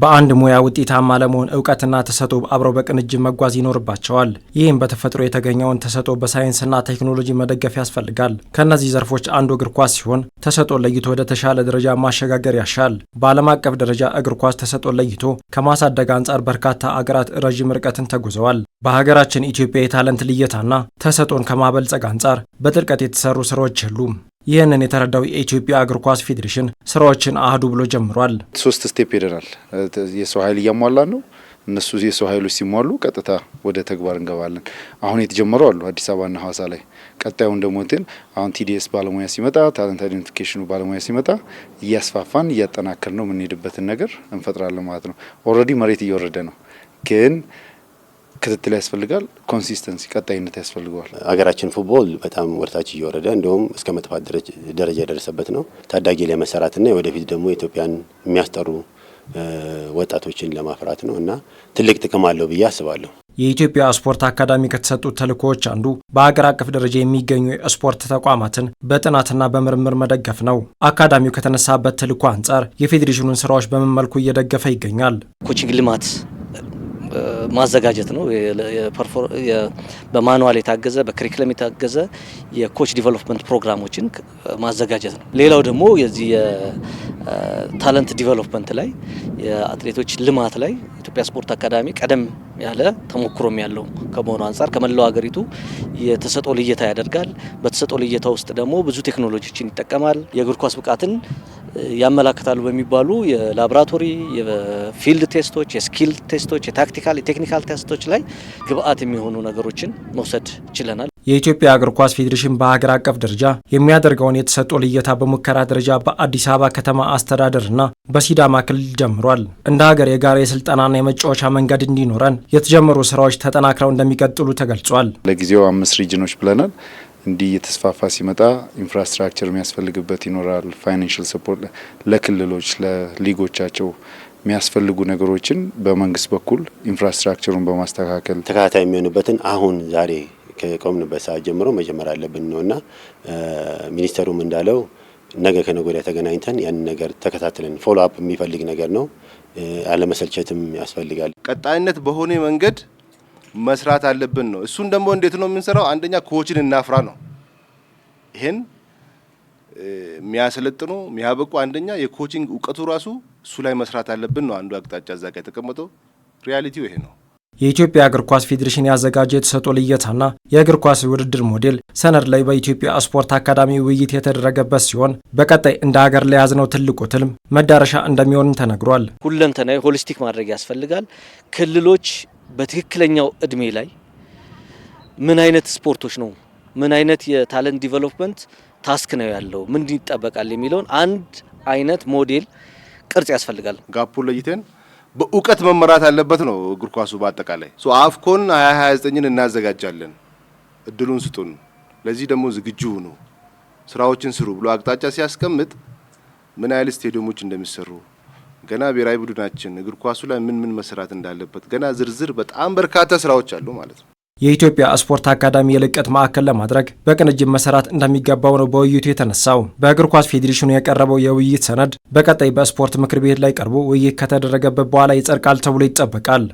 በአንድ ሙያ ውጤታማ ለመሆን እውቀትና ተሰጦ አብረው በቅንጅት መጓዝ ይኖርባቸዋል። ይህም በተፈጥሮ የተገኘውን ተሰጦ በሳይንስና ቴክኖሎጂ መደገፍ ያስፈልጋል። ከእነዚህ ዘርፎች አንዱ እግር ኳስ ሲሆን ተሰጦ ለይቶ ወደ ተሻለ ደረጃ ማሸጋገር ያሻል። በዓለም አቀፍ ደረጃ እግር ኳስ ተሰጦ ለይቶ ከማሳደግ አንጻር በርካታ አገራት ረዥም ርቀትን ተጉዘዋል። በሀገራችን ኢትዮጵያ የታለንት ልየታና ተሰጦን ከማበልጸግ አንጻር በጥልቀት የተሰሩ ስራዎች የሉም። ይህንን የተረዳው የኢትዮጵያ እግር ኳስ ፌዴሬሽን ስራዎችን አህዱ ብሎ ጀምሯል። ሶስት ስቴፕ ሄደናል። የሰው ኃይል እያሟላን ነው። እነሱ የሰው ኃይሎች ሲሟሉ ቀጥታ ወደ ተግባር እንገባለን። አሁን የተጀመሩ አሉ አዲስ አበባና ሀዋሳ ላይ። ቀጣዩን ደግሞ እንትን አሁን ቲዲኤስ ባለሙያ ሲመጣ፣ ታለንት አይደንቲፊኬሽኑ ባለሙያ ሲመጣ እያስፋፋን እያጠናከር ነው የምንሄድበትን ነገር እንፈጥራለን ማለት ነው። ኦልሬዲ መሬት እየወረደ ነው ግን ክትትል ያስፈልጋል። ኮንሲስተንሲ ቀጣይነት ያስፈልገዋል። ሀገራችን ፉትቦል በጣም ወርታች እየወረደ እንዲሁም እስከ መጥፋት ደረጃ የደረሰበት ነው። ታዳጊ ላይ መሰራትና ወደፊት ደግሞ ኢትዮጵያን የሚያስጠሩ ወጣቶችን ለማፍራት ነው እና ትልቅ ጥቅም አለው ብዬ አስባለሁ። የኢትዮጵያ ስፖርት አካዳሚ ከተሰጡት ተልእኮዎች አንዱ በአገር አቀፍ ደረጃ የሚገኙ የስፖርት ተቋማትን በጥናትና በምርምር መደገፍ ነው። አካዳሚው ከተነሳበት ተልእኮ አንጻር የፌዴሬሽኑን ስራዎች በምን መልኩ እየደገፈ ይገኛል? ኮቺንግ ልማት ማዘጋጀት ነው። በማኑዋል የታገዘ በክሪክለም የታገዘ የኮች ዲቨሎፕመንት ፕሮግራሞችን ማዘጋጀት ነው። ሌላው ደግሞ የዚህ የታለንት ዲቨሎፕመንት ላይ የአትሌቶች ልማት ላይ ኢትዮጵያ ስፖርት አካዳሚ ቀደም ያለ ተሞክሮም ያለው ከመሆኑ አንጻር ከመላው ሀገሪቱ የተሰጦ ልየታ ያደርጋል። በተሰጦ ልየታ ውስጥ ደግሞ ብዙ ቴክኖሎጂዎችን ይጠቀማል። የእግር ኳስ ብቃትን ያመላክታሉ በሚባሉ የላቦራቶሪ የፊልድ ቴስቶች፣ የስኪል ቴስቶች፣ የታክቲካል የቴክኒካል ቴስቶች ላይ ግብአት የሚሆኑ ነገሮችን መውሰድ ችለናል። የኢትዮጵያ እግር ኳስ ፌዴሬሽን በሀገር አቀፍ ደረጃ የሚያደርገውን የተሰጥኦ ልየታ በሙከራ ደረጃ በአዲስ አበባ ከተማ አስተዳደርና በሲዳማ ክልል ጀምሯል። እንደ ሀገር የጋራ የስልጠናና የመጫወቻ መንገድ እንዲኖረን የተጀመሩ ስራዎች ተጠናክረው እንደሚቀጥሉ ተገልጿል። ለጊዜው አምስት ሪጅኖች ብለናል። እንዲህ እየተስፋፋ ሲመጣ ኢንፍራስትራክቸር የሚያስፈልግበት ይኖራል። ፋይናንሽል ሰፖርት ለክልሎች ለሊጎቻቸው የሚያስፈልጉ ነገሮችን በመንግስት በኩል ኢንፍራስትራክቸሩን በማስተካከል ተከታታይ የሚሆንበትን አሁን ዛሬ ከቆምንበት ሰዓት ጀምሮ መጀመር አለብን እና ሚኒስተሩም እንዳለው ነገ ከነገ ወዲያ ተገናኝተን ያን ነገር ተከታትለን ፎሎ አፕ የሚፈልግ ነገር ነው። አለመሰልቸትም ያስፈልጋል። ቀጣይነት በሆነ መንገድ መስራት አለብን ነው። እሱን ደግሞ እንዴት ነው የምንሰራው? አንደኛ ኮችን እናፍራ ነው። ይሄን የሚያሰለጥኑ የሚያበቁ አንደኛ የኮችንግ እውቀቱ ራሱ እሱ ላይ መስራት አለብን ነው አንዱ አቅጣጫ እዛ ጋ የተቀመጠው። ሪያሊቲው ይሄ ነው። የኢትዮጵያ እግር ኳስ ፌዴሬሽን ያዘጋጀ የተሰጦ ልየታና የእግር ኳስ ውድድር ሞዴል ሰነድ ላይ በኢትዮጵያ ስፖርት አካዳሚ ውይይት የተደረገበት ሲሆን በቀጣይ እንደ ሀገር ለያዝነው ትልቁ ትልም መዳረሻ እንደሚሆንም ተነግሯል። ሁለንተናዊ ሆሊስቲክ ማድረግ ያስፈልጋል። ክልሎች በትክክለኛው እድሜ ላይ ምን አይነት ስፖርቶች ነው ምን አይነት የታለንት ዲቨሎፕመንት ታስክ ነው ያለው ምን ይጠበቃል የሚለውን አንድ አይነት ሞዴል ቅርጽ ያስፈልጋል። ጋፑ ለይተን በእውቀት መመራት ያለበት ነው እግር ኳሱ በአጠቃላይ። አፍኮን 2029ን እናዘጋጃለን፣ እድሉን ስጡን፣ ለዚህ ደግሞ ዝግጁ ሁኑ፣ ስራዎችን ስሩ ብሎ አቅጣጫ ሲያስቀምጥ ምን ያህል ስቴዲየሞች እንደሚሰሩ ገና ብሔራዊ ቡድናችን እግር ኳሱ ላይ ምን ምን መስራት እንዳለበት ገና ዝርዝር በጣም በርካታ ስራዎች አሉ ማለት ነው። የኢትዮጵያ ስፖርት አካዳሚ የልቀት ማዕከል ለማድረግ በቅንጅት መሰራት እንደሚገባው ነው በውይይቱ የተነሳው። በእግር ኳስ ፌዴሬሽኑ የቀረበው የውይይት ሰነድ በቀጣይ በስፖርት ምክር ቤት ላይ ቀርቦ ውይይት ከተደረገበት በኋላ ይጸድቃል ተብሎ ይጠበቃል።